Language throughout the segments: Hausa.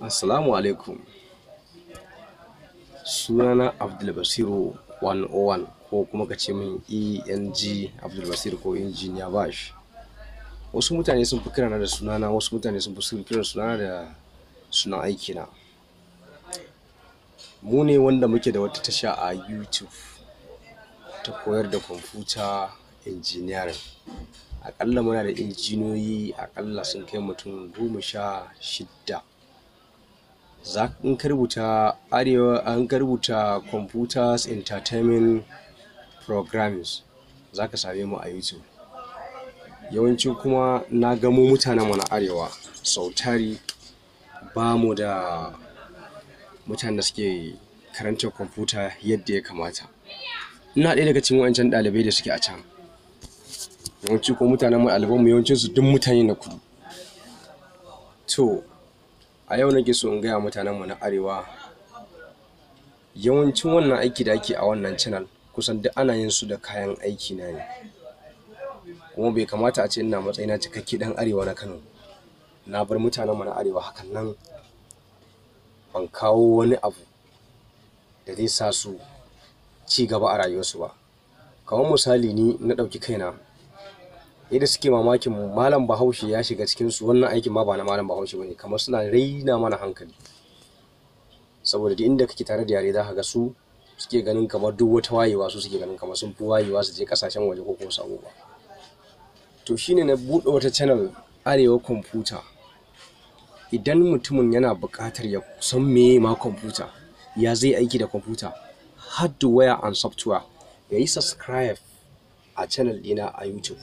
Assalamu alaikum sunana Abdulbasiru 101 ko kuma ka ce min ENG Basiru, ko injiniya Bash wasu mutane sun fi kirana da sunana wasu mutane sun fi kiran sunana da sunan aikina mu ne wanda muke da wata tasha a YouTube ta koyar da kwamfuta engineering. akalla muna da injiniyoyi akalla sun kai mutum goma sha shidda za in ka rubuta arewa an ka rubuta computers entertainment programs za ka same mu a youtube yawanci kuma na gamo mutanen mu na arewa sautari, ba mu da mutanen da suke karanta kwamfuta yadda ya kamata ina ɗaya daga cikin wancan ɗalibai da suke a can yawanci ko mutanen mu yawancin su duk mutane na kudu to a yau nake so in gaya mutanen mu na arewa yawancin wannan aiki da ake a wannan channel kusan duk ana yin su da kayan aiki na ne kuma bai kamata a ce ina na cikakke dan arewa na Kano na bar mutanen mu na arewa hakan nan ban kawo wani abu da zai sa su ci gaba a rayuwarsu ba kamar misali ni na ɗauki kaina yadda suke mamakin malam bahaushe ya shiga cikin su wannan aikin ma ba na malam bahaushe bane kamar suna raina mana hankali saboda duk inda kake tare da yare za ka ga su suke ganin kamar duk wata wayewa su suke ganin kamar sun fi wayewa su je kasashen waje ko kuma sabo ba to shine na buɗe wata channel arewa kwamfuta idan mutumin yana buƙatar ya san me ma kwamfuta ya zai aiki da kwamfuta hardware and software ya yi subscribe a channel ɗina a youtube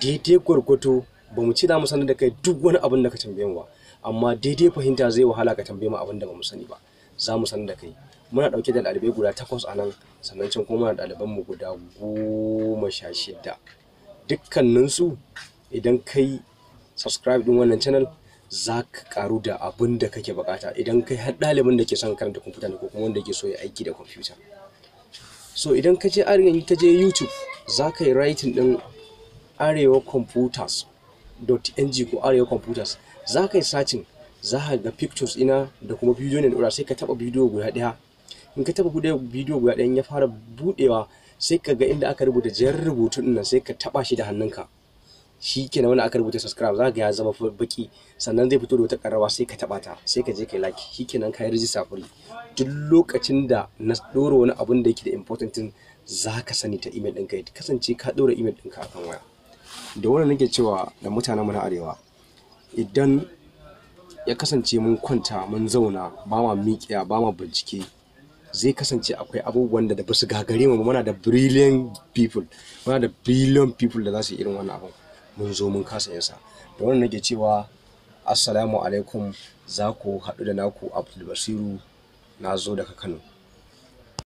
daidai gwargwato ba mu ci za mu sanar da kai duk wani abin da ka tambaye mu ba amma daidai fahimta zai wahala ka tambaye mu abin da ba mu sani ba za mu sanar da kai muna dauke da ɗalibai guda takwas a nan sannan can kuma muna ɗaliban mu guda goma sha shida dukkaninsu idan kai subscribe din wannan channel za ka karu da abin da kake bukata idan kai har ɗalibin da ke son karanta kwamfuta ne ko kuma wanda ke so ya aiki da kwamfuta so idan ka je arin ka je youtube za ka yi writing din arewa computers ng ko arewa computers za ka yi sacin za ka ga pictures ina da kuma bidiyo ne ɗora sai ka taba bidiyo guda ɗaya in ka taɓa bidiyo guda ɗaya ya fara buɗewa sai ka ga inda aka rubuta jan rubutu nan sai ka taɓa shi da hannunka shi na wani aka rubuta subscribe za ka ya zama baki sannan zai fito da wata karawa sai ka taba ta sai ka je ka yi like shi kenan ka yi rijista duk lokacin da na ɗora wani abun da yake da important za ka sani ta email ɗinka ya kasance ka ɗora email ɗinka akan waya da wannan nake cewa da mutanen mu na arewa idan ya kasance mun kwanta mun zauna ba ma miƙiya ba ma bincike zai kasance akwai abubuwan da ba su gagare mu muna da brilliant people muna da billion people da za su irin wannan abun mun zo mun kasa yansa da wannan nake cewa assalamu alaikum za ku haɗu da naku abdulbasiru na zo daga kano